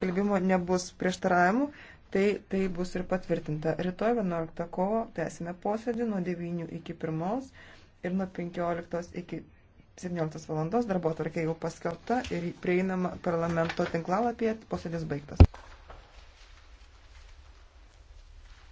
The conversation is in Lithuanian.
skelbimo nebus prieštaravimų, tai tai bus ir patvirtinta. Rytoj 11 kovo tęsime posėdį nuo 9 iki 1 ir nuo 15 iki 17 valandos darbo tvarkė jau paskelbta ir prieinama parlamento tinklalapyje posėdis baigtas.